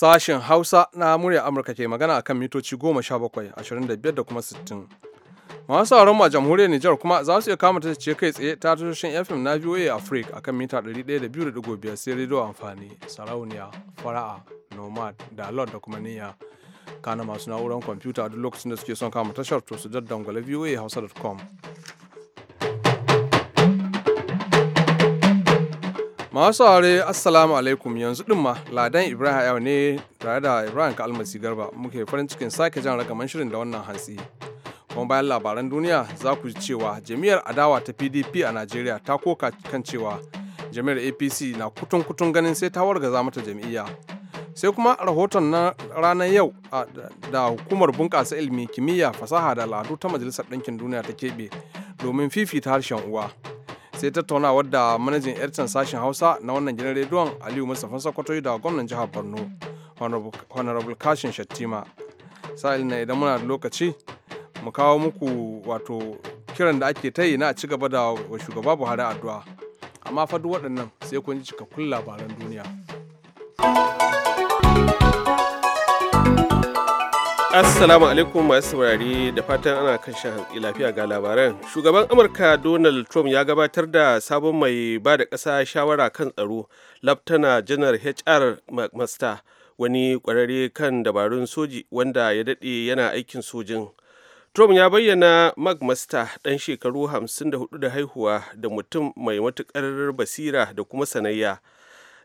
Sashen Hausa na murya Amurka ke magana akan mitoci 17, 25 da kuma 60. Masu sauran mu a jamhuriyar Nijar kuma za su iya kama ta ce kai tsaye ta tashoshin FM na VOA Africa akan mita 102.5 sai rediyo amfani, sarauniya, fara'a, nomad, da lord da kuma niyya. Kana masu na'urar kwamfuta duk lokacin da suke son kama tashar to su daddangwale hausa.com Masu aure Assalamu alaikum yanzu dinma ma Ladan Ibrahim yau ne tare da Ibrahim Kalmasi Garba muke farin cikin sake jan ragaman shirin da wannan hantsi. Kuma bayan labaran duniya za ku ji cewa jami'ar adawa ta PDP a Najeriya ta koka kan cewa jami'ar APC na kutun kutun ganin sai ta wargaza mata jami'a sai kuma rahoton na ranar yau da hukumar bunƙasa ilimi kimiyya fasaha da al'adu ta majalisar ɗinkin duniya ta keɓe domin fifita harshen uwa sai tattaunawar da manajan editan sashen hausa na wannan gidan rediyon aliyu mustapha sokoto da gwamnan jihar borno honorable kashin shattima sa'il na idan muna da lokaci mu kawo muku wato kiran da ake ta yi na ci gaba da wa shugaba buhari addu'a amma fadu waɗannan sai kun ji cikakkun labaran duniya. Assalamu alaikum masu saurari da fatan ana kan shan hantsi lafiya ga labaran. Shugaban Amurka Donald Trump ya gabatar da sabon mai ba da ƙasa shawara kan tsaro, Laftana Janar HR McMaster, wani ƙwararre kan dabarun soji wanda ya daɗe yana aikin sojin. Trump ya bayyana McMaster 'dan shekaru 54 da haihuwa da mutum mai matuƙar basira da kuma sanayya.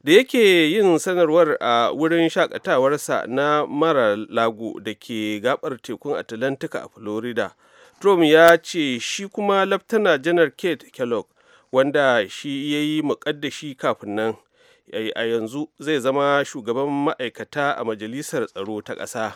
da yake yin sanarwar a wurin shakatawarsa na mara lagu da ke gabar tekun atlantika a florida trump ya ce shi kuma laftana janar kate kellogg wanda shi ya yi muƙaddashi kafin nan a yanzu zai zama shugaban ma'aikata a majalisar tsaro ta ƙasa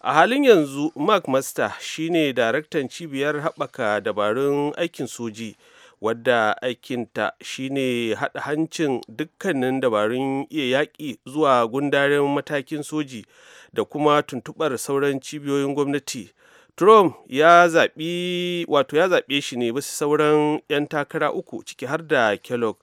a halin yanzu mark master shine daraktan cibiyar haɓaka dabarun aikin soji wadda aikinta shine haɗa hancin dukkanin dabarun iya yaƙi zuwa gundaren matakin soji da kuma tuntuɓar sauran cibiyoyin gwamnati trump ya zaɓi wato ya zaɓe shi ne bisa sauran 'yan takara uku ciki har da kellogg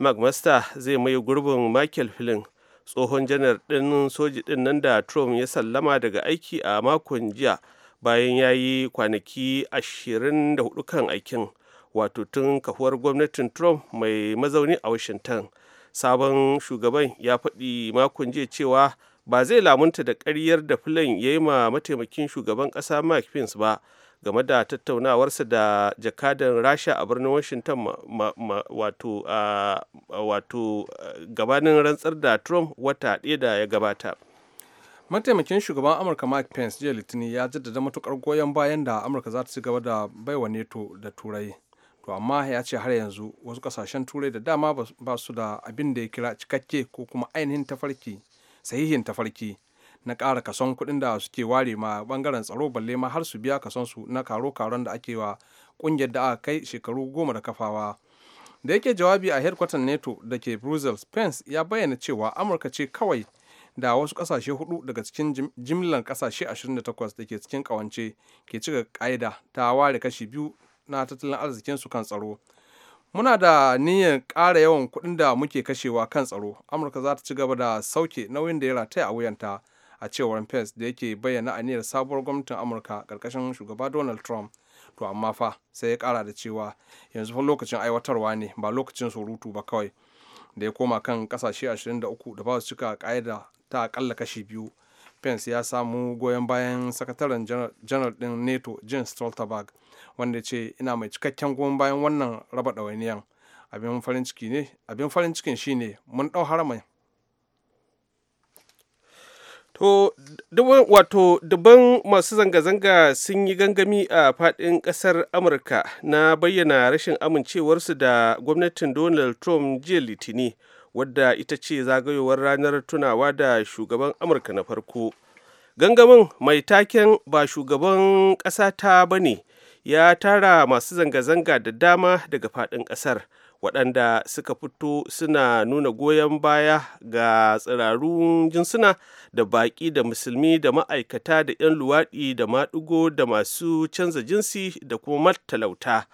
mcmaster zai mai gurbin michael flynn tsohon janar ɗin soji ɗin nan da trump ya sallama daga aiki a makon jiya bayan ya yi kwanaki 24 kan aikin wato tun kahuwar gwamnatin trump mai mazauni a washington sabon shugaban ya faɗi makon jiya cewa ba zai lamunta da ƙaryar da fulan ya yi ma mataimakin shugaban ƙasa mike pence ba game da tattaunawarsa da jakadan rasha a birnin washington wato wato gabanin rantsar da trump wata ɗaya da ya gabata mataimakin shugaban amurka mike pence jiya litinin ya jaddada matukar goyon bayan da amurka za ta ci gaba da baiwa neto da turai to amma ya ce har yanzu wasu kasashen turai da dama ba su da abin da ya kira cikakke ko kuma ainihin tafarki sahihin tafarki na ƙara kason kuɗin da suke ware ma bangaren tsaro balle ma har su biya kason su na karo-karon da ake wa ƙungiyar da aka kai shekaru goma da kafawa da yake jawabi a headquarter nato da ke brussels pence ya bayyana cewa amurka ce kawai da wasu kasashe hudu daga cikin jimlar kasashe 28 da ke cikin kawance ke cika ƙa'ida ta ware kashi biyu na tattalin arzikinsu kan tsaro muna da niyyar ƙara yawan kuɗin da muke kashewa kan tsaro amurka za ta ci gaba da sauke nauyin da ya rataya a wuyanta a cewar pence da yake bayyana aniyar sabuwar gwamnatin amurka ƙarƙashin shugaba donald trump to amma fa sai ya ƙara da cewa yanzu fa lokacin aiwatarwa ne ba lokacin surutu ba kawai da ya koma kan ƙasashe 23 da ba su cika ƙa'ida ta aƙalla kashi biyu pence ya samu goyon bayan sakataren janar din nato jens stoltenberg wanda ce ina mai cikakken goyon bayan wannan raba ɗawainiyan abin farin ciki ne abin farin cikin shine mun ɗau haramai. To, wato, dubban masu zanga-zanga sun yi gangami a fadin kasar Amurka na bayyana rashin amincewarsu da gwamnatin Donald Trump jiya Litini. wadda ita ce zagayowar ranar tunawa da shugaban amurka na farko gangamin mai taken ba shugaban ƙasa ta ba ne ya tara masu zanga-zanga da dama daga faɗin ƙasar waɗanda suka fito suna nuna goyon baya ga tsirarun jinsuna da baƙi da musulmi da ma'aikata da 'yan luwaɗi da maɗigo da masu canza jinsi da kuma matalauta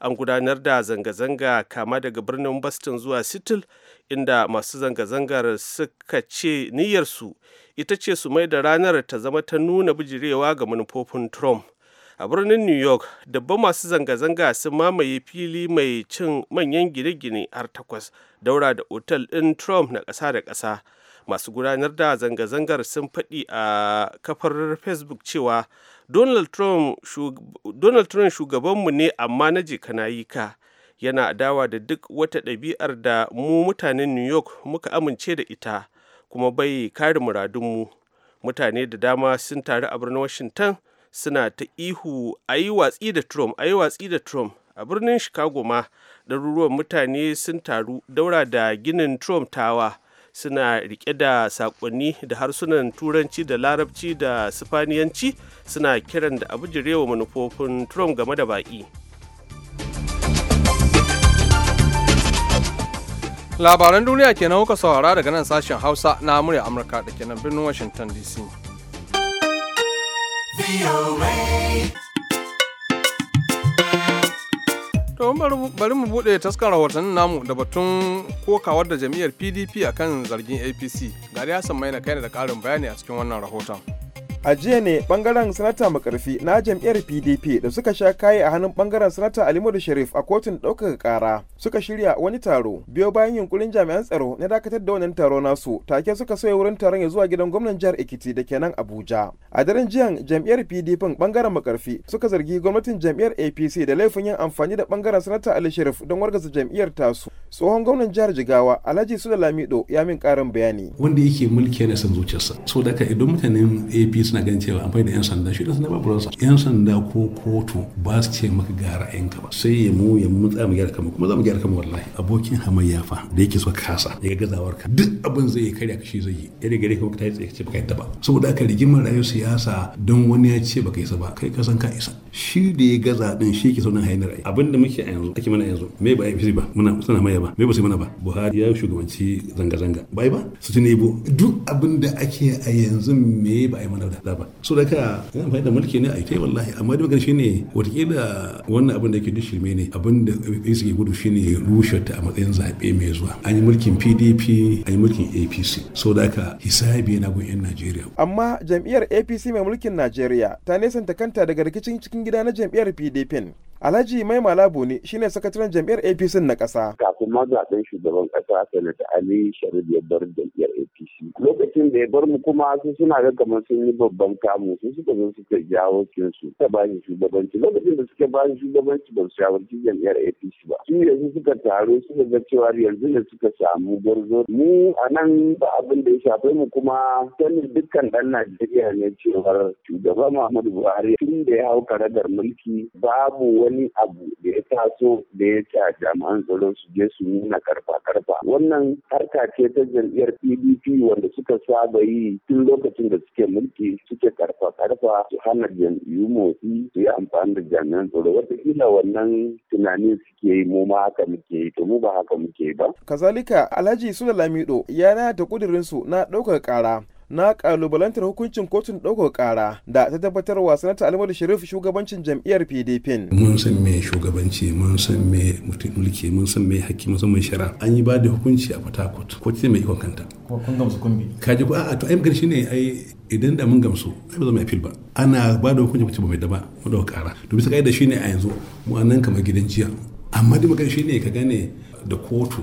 an gudanar da zanga-zanga kama daga birnin boston zuwa seattle inda masu zanga-zangar suka ce niyyarsu ita ce su mai da ranar ta zama ta nuna bijirewa ga manufofin trump a birnin new york dabban masu zanga-zanga sun mamaye fili mai cin manyan gine-gine har takwas daura da otal ɗin trump na kasa da ƙasa masu gudanar da zanga-zangar sun faɗi a kafar facebook cewa donald trump shugabanmu ne amma na je ka yana adawa da duk wata ɗabi'ar da mu mutanen new york muka amince da ita kuma bai kare muradunmu mutane da dama sun taru a birnin washington suna ta ihu a yi watsi da trump a yi watsi da trump a birnin chicago ma ɗaruruwan mutane sun taru daura da ginin trump tawa suna rike da sakonni da harsunan turanci da larabci da sifaniyanci suna kiran da abu jirewa manufofin trump game da baƙi. labaran duniya kenan kuka saurara daga nan sashen hausa na murya amurka da kenan birnin washington dc to bari mu bude taskar rahotannin namu da batun kokawar da jam'iyyar pdp akan zargin apc gari hassan na kai da karin bayani a cikin wannan rahoton a jiya ne bangaren sanata makarfi na jam'iyyar pdp da suka sha kaye a hannun bangaren sanata alimudu sharif a kotun ɗaukaka kara suka shirya wani taro biyo bayan yunkurin jami'an tsaro na dakatar da wannan taro nasu take suka soya wurin taron ya zuwa gidan gwamnan jihar ekiti da kenan abuja a daren jiyan jam'iyyar pdp bangaren makarfi suka zargi gwamnatin jam'iyyar apc da laifin yin amfani da bangaren sanata ali sharif don wargaza jam'iyyar tasu tsohon gwamnan jihar jigawa alhaji su da lamido ya min karin bayani wanda yake mulki yana son zuciyarsa so daga idan mutanen apc suna ganin cewa amfani da 'yan sanda shi dan sanda ba buransa 'yan sanda ko kotu ba su ce maka 'yan ka ba sai ya mu ya mu tsaya mu gyara kanmu kuma za mu gyara kanmu wallahi abokin hamayya fa da yake so kasa ya ga gazawar ka duk abin zai karya ka shi zai yi ya riga ka ta yi tsaye ce baka yadda ba saboda aka rigimar rayuwar siyasa don wani ya ce baka isa ba kai ka san ka isa shi da ya gaza din shi ke sauran hayin rai abin da muke a yanzu ake mana yanzu me ba APC ba muna suna maya ba me ba sai mana ba Buhari ya shugabanci zanga zanga bai ba su Tinubu duk abin da ake a yanzu me ba ai mana da ba so da ka yana amfani da mulki ne a ita wallahi amma da magana shine watakila wannan abin da yake dushirme ne abin da suke gudu shine rushe ta a matsayin zaɓe mai zuwa an yi mulkin pdp an yi mulkin apc so da ka hisabi yana gun yan najeriya amma jam'iyyar apc mai mulkin najeriya ta nesanta kanta daga rikicin cikin gida na jam'iyyar pdp Alhaji Mai Malabo ne shine sakataren jam'iyyar APC na ƙasa. Kafin ma zaɓen shugaban ƙasa Sanata Ali Sharif ya bar jam'iyyar APC. Lokacin da ya bar mu kuma su suna ga kamar sun yi babban kamu su suka zo suka jawo kin su ta ba shi shugabanci. Lokacin da suke ba shi shugabanci ba su shawarci jam'iyyar APC ba. Su yanzu suka taro suka ga cewa yanzu ne suka samu gwarzo. Mu a nan ba abin da ya shafe mu kuma sanin dukkan ɗan Najeriya ne cewar shugaba Muhammadu Buhari tun da ya hau karagar mulki babu wani abu da ya taso da ya ta jami'an tsaro su je su nuna karfa-karfa wannan harka ce ta jam'iyyar pdp wanda suka saba yi tun lokacin da suke mulki suke karfa-karfa su hana jam'iyyu motsi su yi amfani da jami'an tsaro watakila wannan tunanin suke yi mu ma haka muke yi to mu ba haka muke ba. kazalika alhaji sula lamido ya na ta kudirinsu na ɗaukar ƙara na kalubalantar hukuncin kotun ɗaukar ƙara da ta tabbatar wa sanata alimadu sharif shugabancin jam'iyyar pdp mun san me shugabanci mun san me mutum mulki mun san me hakki mun san me shara an yi ba da hukunci a fatakot ko ce mai ikon kanta ko kun gamsu kun bi ka ji ko a'a to ai magana shine ai idan da mun gamsu ai ba zama appeal ba ana ba da hukunci mutum mai daba ba mu da ƙara to bisa da shine a yanzu mu nan kamar gidan jiya amma dai magana shine ka gane da kotu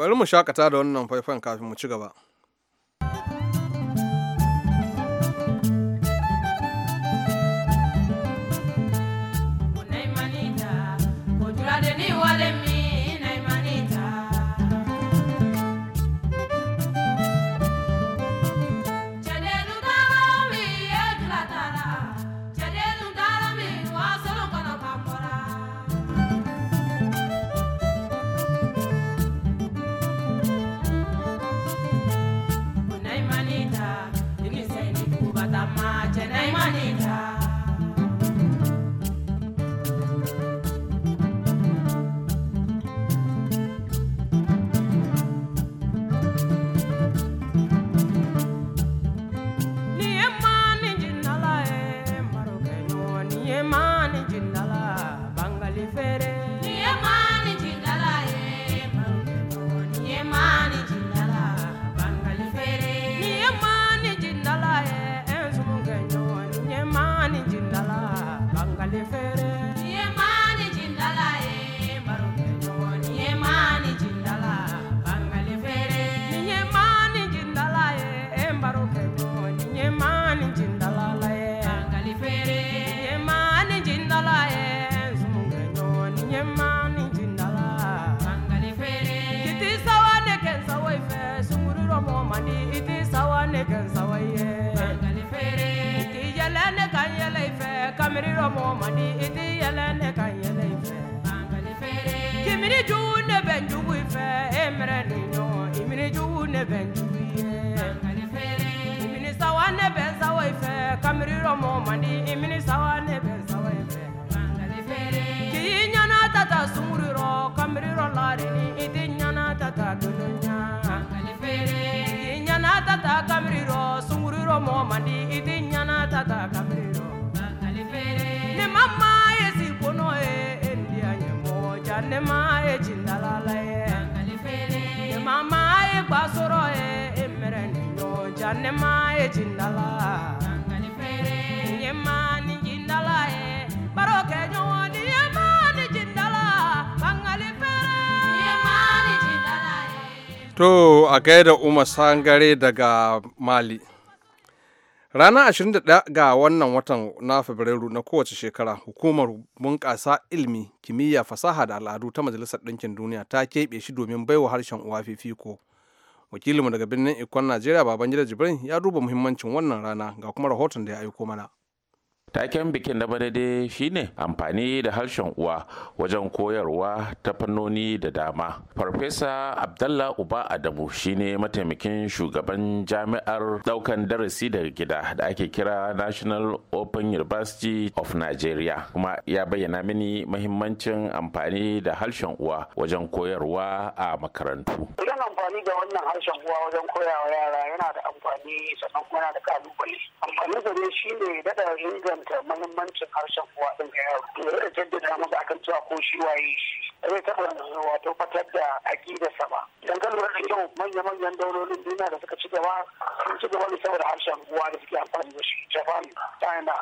bari mu shakata da wannan faifan kafin mu ci gaba. benjuye imini sawa ne sawa ife imini sawa sawa ife tata larini tata dununya tata tata yesi kono e gbasɔrɔ ye e mɛrɛ ni yɔ ye jindala ne ma ni jindala ye baro kɛ ɲɔgɔn ni ye ni jindala bangali fɛrɛ ye ma ni jindala ye. to a da umar sangare daga mali. Ranar 21 ga wannan watan na Fabrairu na kowace shekara, hukumar bunƙasa ilimi, kimiyya, fasaha da al'adu ta Majalisar Ɗinkin Duniya ta keɓe shi domin baiwa harshen uwa fifiko. wakilinmu daga birnin ikon najeriya babangida jibrin ya duba muhimmancin wannan rana ga kuma rahoton da ya aiko mana taken bikin na bana dai shine amfani da harshen uwa wajen koyarwa ta fannoni da dama farfesa abdallah uba adamu shine mataimakin shugaban jami'ar daukan darasi daga gida da ake kira national open university of nigeria kuma ya bayyana mini mahimmancin amfani da harshen uwa wajen koyarwa a makarantu idan amfani da wannan harshen uwa wajen koyawa yara yana da amfani sannan yana da kalubale amfani da shine daɗa kwatanta mahimmancin harshen uwa ɗin ga yaro zai jaddada masa akan cewa ko shi waye shi zai taɓa wato fatar da aƙidarsa ba Dan ka lura da kyau manya-manyan daulolin duniya da suka ci gaba sun ci gaba ne saboda harshen uwa da suke amfani da shi japan china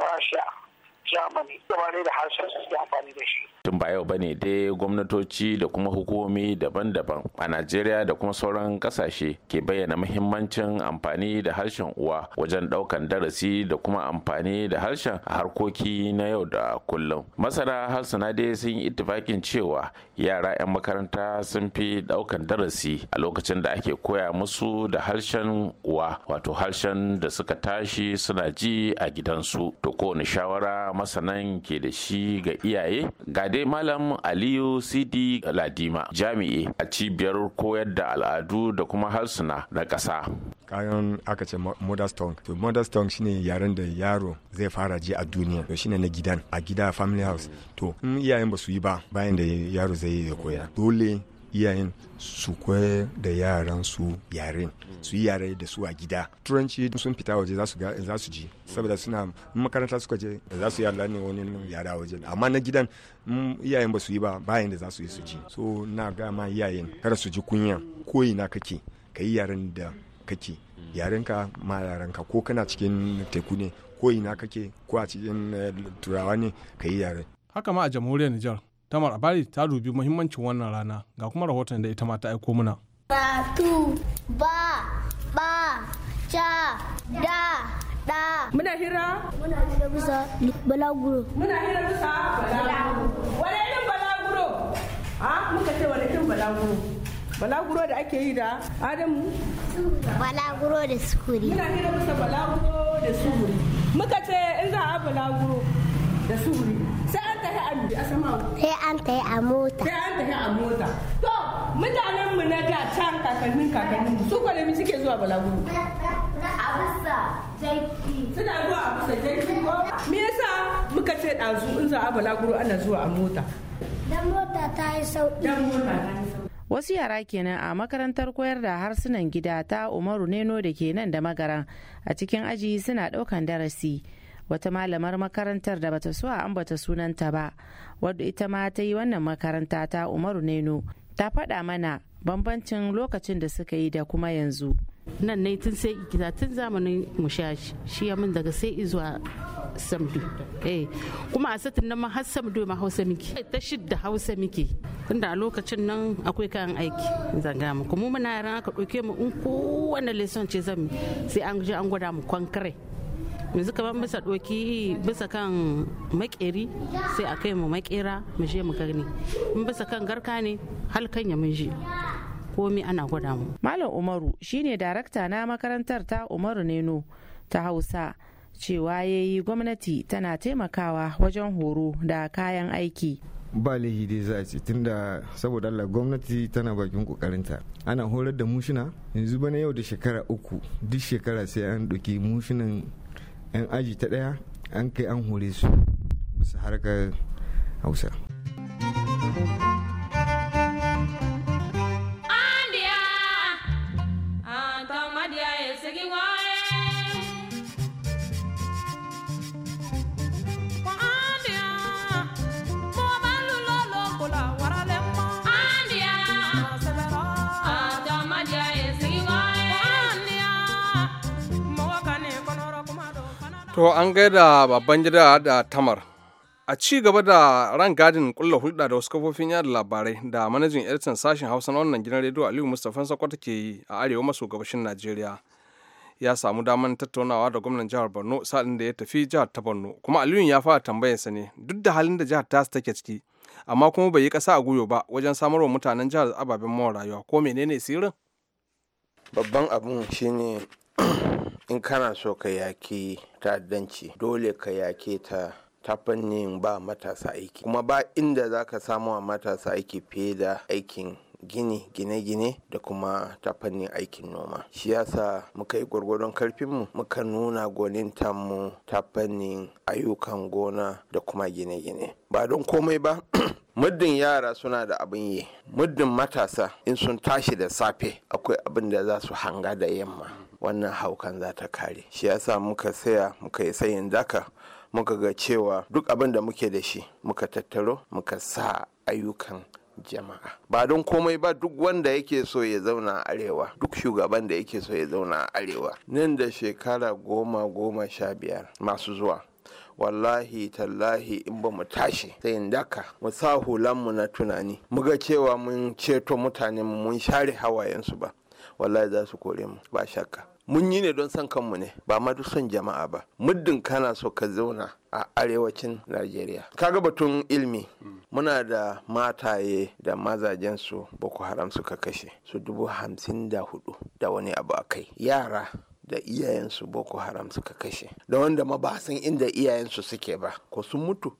Russia. germany gaba da harshen su suke amfani da shi tun ba yau bane dai gwamnatoci da kuma hukumomi daban-daban a najeriya da kuma sauran kasashe ke bayyana muhimmancin amfani da harshen uwa wajen daukan darasi da kuma amfani da harshen a harkoki na yau da kullum masana harsuna dai sun yi ittifakin cewa yara 'yan makaranta sun fi daukan darasi a lokacin da ake koya musu da harshen uwa wato harshen da suka tashi suna ji a gidansu to kowane shawara masanan ke da shi ga iyaye ga dai malam aliyu sidi ladima jami'i a cibiyar koyar da al'adu da kuma harsuna na ƙasa kayan aka ce mother's tongue to mother's tongue shine yaren da yaro zai fara ji a duniya to shine na gidan a gida family house to in iyayen ba su yi ba bayan da yaro zai ya koya dole iyayen su koyar da yaran su yaren su yi yare da su a gida turanci sun fita waje za su ji saboda suna makaranta suka je za su yara ne wani yara waje amma na gidan iyayen ba su yi ba bayan da za su yi su ji so na gama iyayen kada su ji kunya koyi na kake ka yi yaren da kake yaren ka ma yarenka ko kana cikin teku ne koyi na kake ko a cikin eh, turawa ne ka yi yaren. haka ma a jamhuriyar Nijar Tamar Abari ta dubi muhimmancin wannan rana ga kuma rahoton da ita ma ta aiko muna. Batu ba ba cha da da. Muna hira? Muna hira bisa balaguro. Muna hira bisa balaguro. wale irin balaguro? Ha? Muka ce wani irin balaguro? Balaguro da ake yi da Adamu? Balaguro da sukuri. Muna hira bisa balaguro da sukuri. Muka ce in za a balaguro da sukuri. ta sai an ta yi a mota sai an ta yi a mota to mutanen mu na da can kakannin kakannin su kwale mu suke zuwa balaguro a bisa jaiki suna zuwa a bisa jaiki ko me yasa muka ce dazu in za a balaguro ana zuwa a mota dan mota ta yi sauki dan mota ta yi sauki wasu yara kenan a makarantar koyar da harsunan gida ta umaru neno da ke nan da magaran a cikin aji suna daukan darasi wata malamar makarantar da bata so a ambata sunanta ba wadda ita ma ta yi wannan makaranta ta umaru neno ta faɗa mana bambancin lokacin da suka yi da kuma yanzu nan ne tun sai gida tun zamanin mushashi shi ya min daga sai izuwa samdu eh kuma a satin nan ma har samdu ma hausa miki eh, ta shidda hausa miki tunda a lokacin nan akwai kayan aiki zanga mu kuma muna yaran aka ɗauke mu in kowanne lesson ce zan sai an je an gwada mu kwankare yanzu kamar bisa doki bisa kan makeri sai a kai mu makera mu je mu gani in bisa kan garka ne halkan ya mun je komi ana gwada mu malam umaru shine darakta na makarantar ta umaru neno ta hausa cewa yayi yi gwamnati tana taimakawa wajen horo da kayan aiki ba lihi dai za a ce tunda saboda Allah gwamnati tana bakin kokarinta ana horar da mushina yanzu bana yau da shekara uku duk shekara sai an ɗauki mushinan 'yan aji ta ɗaya an kai an hore su bisa harkar hausa To an gaida babban gida da tamar. A ci gaba da ran gadin kulla hulɗa da wasu kafofin yada labarai da manajin editan sashen Hausa na wannan gidan rediyo Aliyu Mustapha Sokoto ke yi a arewa maso gabashin Najeriya. Ya samu damar tattaunawa da gwamnan jihar Borno sa'in da ya tafi jihar ta Borno kuma Aliyu ya fara tambayar sa ne duk da halin da jihar ta take ciki amma kuma bai yi ƙasa a guyo ba wajen samar wa mutanen jihar ababen mawa rayuwa ko menene sirrin? Babban abun shine in kana so ka yaki ta'addanci dole ka yake ta ta fannin ba matasa aiki kuma ba inda za ka samu a matasa aiki fiye da aikin gini gine-gine da kuma ta fannin aikin noma shi yasa muka yi gwargwadon karfinmu muka nuna tamu ta fannin ayyukan gona da kuma gine-gine ba don komai ba muddin yara suna da abin yi muddin matasa in sun tashi da safe akwai abin da za su hanga da yamma wannan haukan za ta kare shi yasa muka saya muka yi sayin daka muka ga cewa duk abin da muke da shi muka tattaro muka sa ayyukan jama'a ba don komai ba duk wanda yake so ya zauna a arewa duk shugaban da yake so ya zauna a arewa nan da shekara goma goma sha biyar masu zuwa wallahi tallahi in ba mu tashi sai in daka mu sa hulanmu na tunani mu ga cewa mun ceto mutane mun share hawayensu ba wallahi za su kore mu ba shakka mun yi ne don son kanmu ne ba ma duk son jama'a ba muddin kana so ka zauna a arewacin najeriya kaga batun ilmi muna da mataye da mazajensu boko haram suka kashe su dubu hamsin da hudu da wani abu a kai yara da iyayensu boko haram suka kashe da wanda ma ba san inda iyayensu suke ba ko sun mutu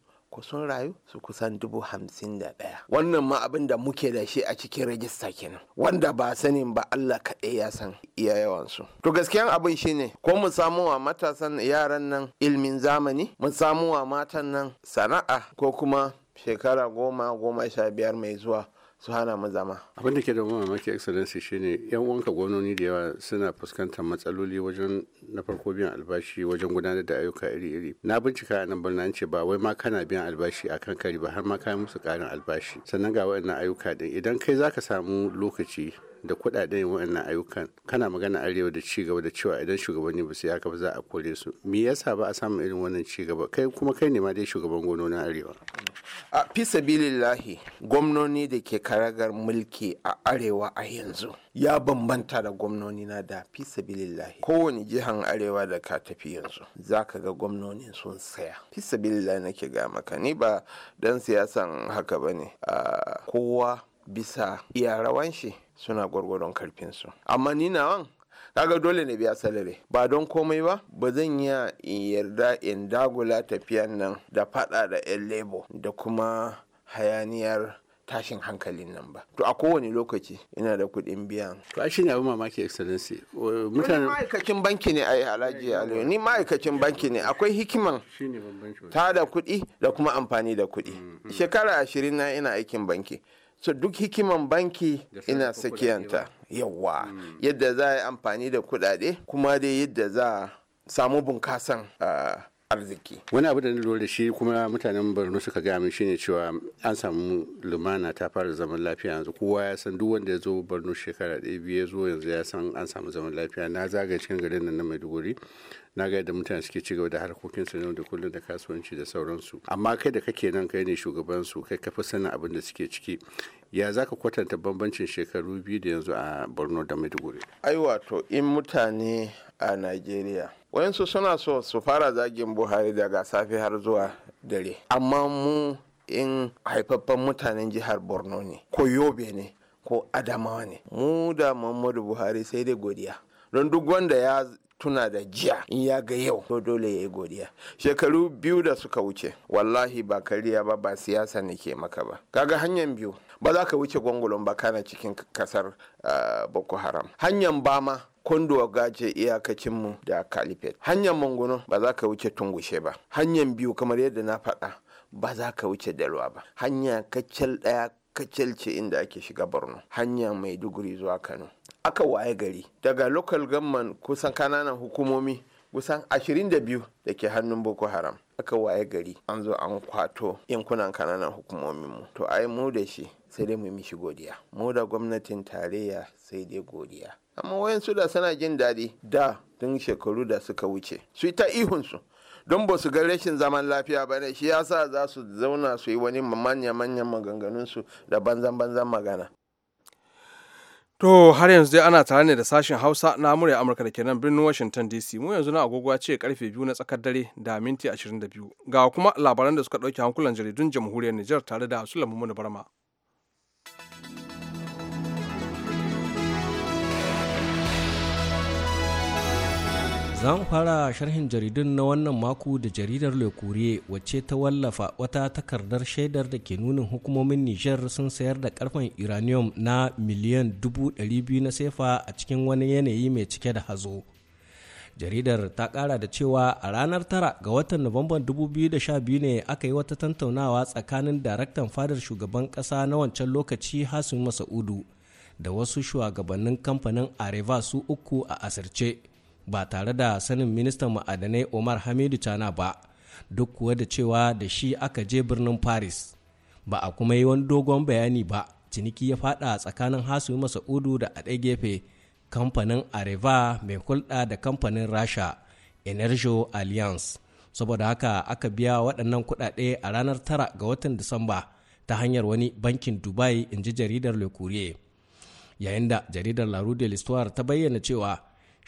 sun rayu su kusan dubu hamsin da ɗaya wannan ma abin da muke da shi a cikin rajista kenan wanda ba sanin ba Allah kaɗai ya san iya yawan su to gaskiyan abin shine ko mu samu wa matasan yaran nan ilmin zamani mu samu wa matan nan sana'a ko kuma shekara goma goma sha biyar mai zuwa su hana mu zama abin da ke da mamaki excellency shine yan uwanka gwamnoni da yawa suna fuskantar matsaloli wajen na farko biyan albashi wajen gudanar da ayyuka iri-iri na bincika a nan birnin ce ba wai ma kana biyan albashi a kan kari ba har ma kayan musu karin albashi sannan ga waɗannan ayyuka din idan kai zaka samu lokaci da kudaden waɗannan ayyukan kana magana arewa da ci gaba da cewa idan shugabanni ba su yi haka ba za a kore su me yasa ba a samu irin wannan ci gaba kai kuma kai ne ma dai shugaban gononin arewa a fi bilillahi gwamnoni da ke karagar mulki a arewa a yanzu ya bambanta da gwamnoni na da fisa bilillahi kowane jihan arewa da ka tafi yanzu zaka ga gwamnoni sun saya fisa bilillahi nake ga maka ni ba dan siyasan haka bane kowa bisa iya rawan shi suna gwargwadon karfinsu amma ni nawan kaga dole ne biya salari. ba don komai ba ba zan iya in yarda in dagula tafiyan nan da fada da yan lebo da kuma hayaniyar tashin hankalin nan ba to a kowane lokaci ina da kuɗin biyan to a shine abin mamaki excellency mutane ma'aikacin banki ne a alhaji aliyu ni ma'aikacin banki ne akwai hikiman ta da kuɗi da kuma amfani da kuɗi mm, mm. shekara ashirin na ina aikin banki so duk hikiman banki ina sakiyanta yawa hmm. yadda za a yi amfani da kuɗaɗe kuma dai yadda za a samu bunkasan ah, arziki wani abu da na lura da shi kuma mutanen barno suka gaya min shine cewa an samu lumana ta fara zaman lafiya yanzu kowa ya san duk wanda ya zo barno shekara ɗaya biyu ya zo yanzu ya san an samu zaman lafiya na zagaye cikin garin nan na maiduguri na ga yadda mutane suke ci gaba da harkokin su da kullum da kasuwanci da sauransu amma kai da kake nan kai ne shugaban su kai kafi sanin abin da suke ciki ya za ka kwatanta bambancin shekaru biyu da yanzu a borno da maiduguri ai wato in mutane a najeriya wayansu suna so su fara zagin buhari daga safe har zuwa dare amma mu in haifaffen mutanen jihar borno ne ko yobe ne ko adamawa ne mu da muhammadu buhari sai dai godiya don duk wanda ya tuna da jiya in ya ga yau to dole ya yi godiya shekaru biyu da suka wuce wallahi ba kariya ba ba siyasa ne ke maka ba kaga hanyar biyu ba za ka wuce gwangulon ba kana cikin kasar ah, boko haram hanyar bama kondo gaje iyakacinmu da kalifet hanyar mangono ba za ka wuce tungushe ba hanyar biyu kamar yadda na faɗa ba za ka wuce dalwa ba hanya kacal ɗaya kacal ce inda ake shiga borno hanya maiduguri zuwa kano aka waye gari daga local government kusan kananan hukumomi kusan 22 da ke hannun boko haram aka waye gari an zo an kwato yankunan kananan mu. to ai mu da shi sai dai mu mishi godiya mu da gwamnatin tarayya sai dai godiya amma wayansu da suna jin daɗi da tun shekaru da suka wuce su ta ihunsu don ba su ga rashin zaman lafiya ba ne shi yasa za su zauna su yi wani manya-manyan maganganunsu da banzan-banzan magana To har yanzu dai ana tare ne da sashen Hausa na murya Amurka da ke nan birnin Washington DC. Mu yanzu na agogo ce karfe biyu na tsakar dare da minti 22. Ga kuma labaran da suka ɗauki hankulan jaridun jamhuriyar Nijar tare da Sulaiman Barma. Za fara sharhin jaridun na wannan mako da jaridar Le wacce ta wallafa wata takardar shaidar da ke nunin hukumomin niger sun sayar da karfen uranium na miliyan 200,000 na sefa a cikin wani yanayi mai cike da hazo. Jaridar ta kara da cewa a ranar tara ga watan Nuwamban 2012 ne aka yi wata tantaunawa tsakanin daraktan fadar shugaban kasa na wancan lokaci Hasim Masa'udu da wasu shugabannin kamfanin Areva su uku a asirce. ba tare da sanin ministan ma'adanai Omar Hamidu Chana ba, duk kuwa da cewa da shi aka je birnin Paris. Ba a kuma yi wani dogon bayani ba, ciniki ya fada tsakanin Hasu Masa'udu da a ɗaya gefe kamfanin Areva mai hulɗa da kamfanin Rasha Energo Alliance. Saboda haka aka biya waɗannan kuɗaɗe a ranar tara ga watan Disamba ta hanyar wani bankin Dubai in ji jaridar Le Courrier. Yayin da jaridar La Rue de ta bayyana cewa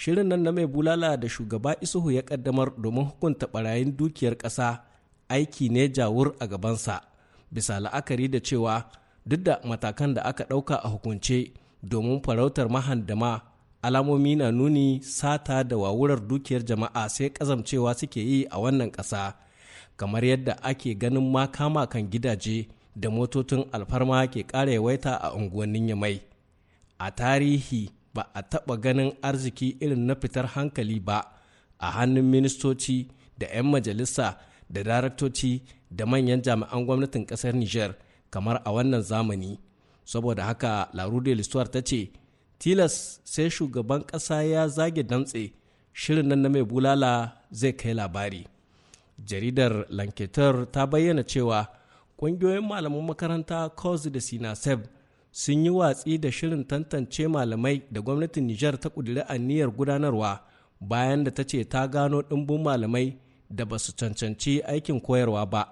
shirin nan na mai bulala da shugaba isuhu ya kaddamar domin hukunta barayin dukiyar ƙasa aiki ne jawur a gabansa bisa la'akari da cewa duk da matakan da aka ɗauka a hukunce domin farautar mahandama alamomi na nuni sata da wawurar dukiyar jama'a sai kazamcewa suke yi a wannan ƙasa kamar yadda ake ganin makama kan gidaje da motocin alfarma ke ƙara yawaita a unguwannin yamai a tarihi ba a taɓa ganin arziki irin na fitar hankali ba a hannun ministoci da 'yan majalisa da daraktoci da manyan jami'an gwamnatin ƙasar Nijar kamar a wannan zamani. Saboda haka Larude Listuwar ta ce, tilas sai shugaban ƙasa ya zage damtse shirin nan na mai bulala zai kai labari. Jaridar lanketar ta bayyana cewa ƙungiyoyin malaman makaranta cause da Sinaseb sun yi watsi da shirin tantance malamai da gwamnatin Nijar ta ƙudiri aniyar gudanarwa bayan da ta ce ta gano ɗumbin malamai da ba su cancanci aikin koyarwa ba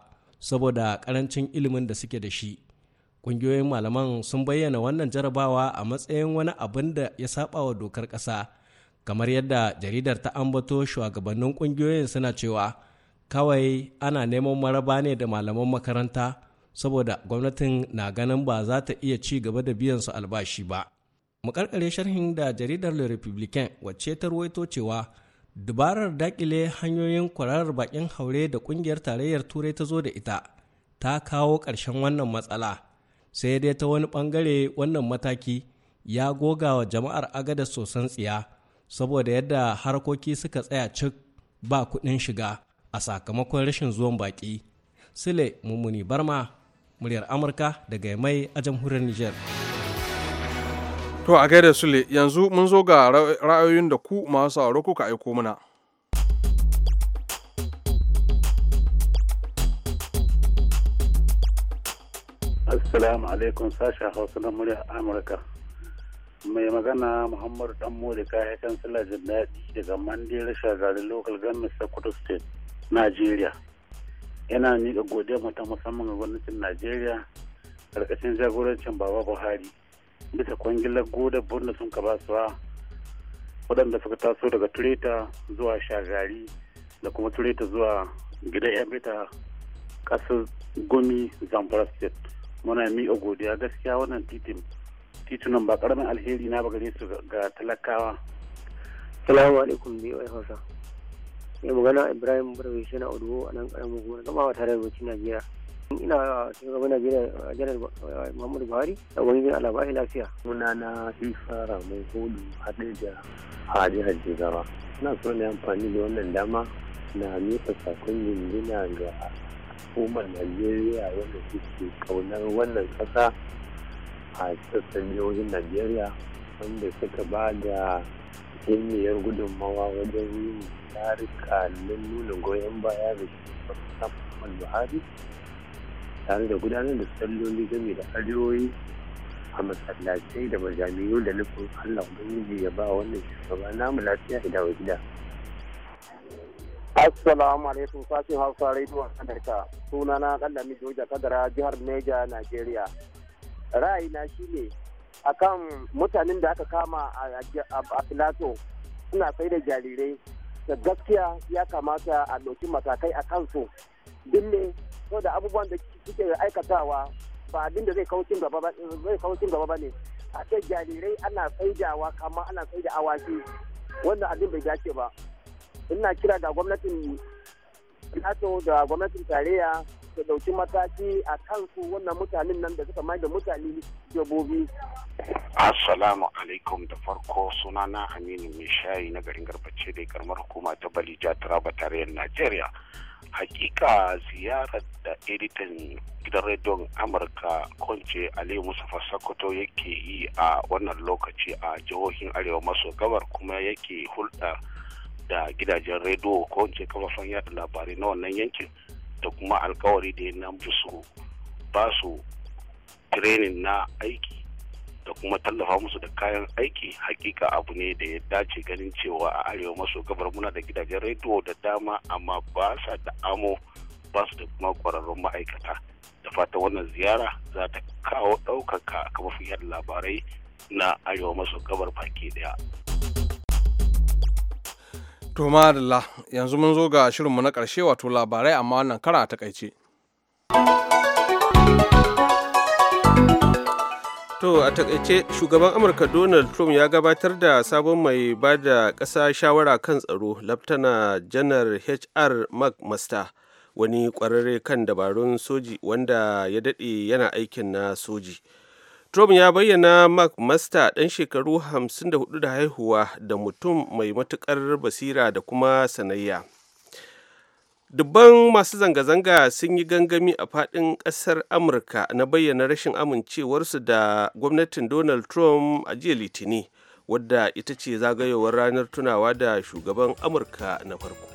saboda ƙarancin ilimin da suke da shi. Ƙungiyoyin malaman sun bayyana wannan jarabawa a matsayin wani abin da ya saba wa dokar ƙasa, kamar yadda jaridar ta ambato shugabannin ƙungiyoyin suna cewa kawai ana neman maraba ne da malaman makaranta. saboda gwamnatin na ganin ba za ta iya ci gaba da biyan su albashi ba mu karkare sharhin da jaridar le republican wacce ta ruwaito cewa dubarar dakile hanyoyin kwararar bakin haure da kungiyar tarayyar turai ta zo da ita ta kawo ƙarshen wannan matsala sai dai ta wani bangare wannan mataki ya goga wa jama'ar agada sosan tsiya saboda yadda harkoki suka tsaya cik ba kuɗin shiga a sakamakon rashin zuwan baƙi. Sile Mummuni Barma, muryar amurka daga mai a jamhuriyar niger to a gaida sule yanzu mun zo ga ra'ayoyin da ku masu sauraro kuka aiko mana Assalamu alaikum sashen Hausa na muryar Amurka. Mai magana muhammad Dan Mori ka kansila jin daɗi daga rashar garin Local Government Sokoto State, nigeria. yana miƙa godiya mu ta musamman ga gwamnatin najeriya karkashin jagorancin baba buhari bisa kwangilar goda burna sun ka basuwa waɗanda suka taso daga tureta zuwa shagari da kuma tureta zuwa gida yan bita ƙasar gumi zamfara state muna miƙa godiya gaskiya wannan titin titunan ba ƙaramin alheri na ba gare su ga talakawa salamu alaikum wai hausa ne magana ibrahim barbe shi na odo a nan karamin gona gama tare da najeriya ina shugaban najeriya janar muhammadu buhari da wani ala lafiya muna na isa ramon hudu haɗe da Haji hajji gaba ina so ne amfani da wannan dama na nufa sakon yindina ga hukumar najeriya wanda suke kaunar wannan kasa a sassan jihohin najeriya wanda suka ba da himmiyar gudunmawa wajen yin ta nuna goyon baya da shugaban Buhari tare da gudanar da salloli game da arewoyi a masallacai da majami'u da nufin Allah Ubangiji ya ba wannan shugaba namu lafiya da dawo gida. Assalamu alaikum sashen Hausa Radio Amurka sunana Kallami Joja Kadara jihar Neja Najeriya. Ra'ayina shine akan mutanen da aka kama a Filato suna sai da jarirai da gaskiya ya kamata a ɗauki matakai a kansu duk ne so da abubuwan da suke aikatawa ba abin da zai kaucin gaba ba ne a ce jarirai ana saidawa kama ana saida awaki wanda abin bai dace ba ina kira ga gwamnatin nato da gwamnatin tarayya su dauki mataki a kansu wannan mutanen nan da suka mai da mutane jabobi. Assalamu alaikum da farko sunana Aminu Mishayi na garin Garbace da karamar hukuma ta Balija Taraba tarayyar Najeriya. Hakika ziyarar da editan gidan rediyon Amurka Konce Ali Mustapha Sokoto yake yi a wannan lokaci a jihohin Arewa maso gabar kuma yake hulɗa da gidajen rediyo ko kafafen yada labarai na wannan yankin. da kuma alkawari da ya na musu ba su training na aiki da kuma tallafa musu da kayan aiki hakika abu ne da ya dace ganin cewa a arewa maso gabar muna da gidajen rediyo da dama amma ba sa da amo ba su da kuma kwararrun ma'aikata da fata wannan ziyara za ta kawo ɗaukaka kamar fiye labarai na arewa maso gabar baki daya. To madalla yanzu mun zo ga shirinmu na ƙarshe wato labarai amma wannan kara a takaice. To a takaice shugaban Amurka Donald Trump ya gabatar da sabon mai ba da ƙasa shawara kan tsaro Laftana Janar HR McMaster wani ƙwararre kan dabarun soji wanda ya daɗe yana aikin na soji. Trump ya bayyana Mark Masta ɗan shekaru 54 da haihuwa da mutum mai matuƙar basira da kuma sanayya. Dubban masu zanga-zanga sun yi gangami a faɗin ƙasar Amurka na bayyana rashin amincewarsu da gwamnatin Donald Trump a jiya Litini, wadda ita ce zagayowar ranar tunawa da shugaban Amurka na farko.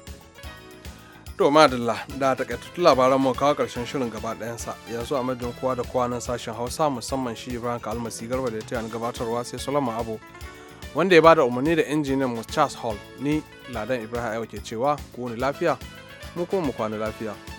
To madalla da takaitattun labaran mu kawo karshen shirin gaba ɗayansa yanzu a madadin kowa da kowa nan sashen Hausa musamman shi Ibrahim Kalmasi Garba da ya tayar gabatarwa sai Solomon Abu wanda ya bada umarni da injiniyan mu Charles Hall ni Ladan Ibrahim Ayo ke cewa ku ni lafiya mu kuma mu kwana lafiya.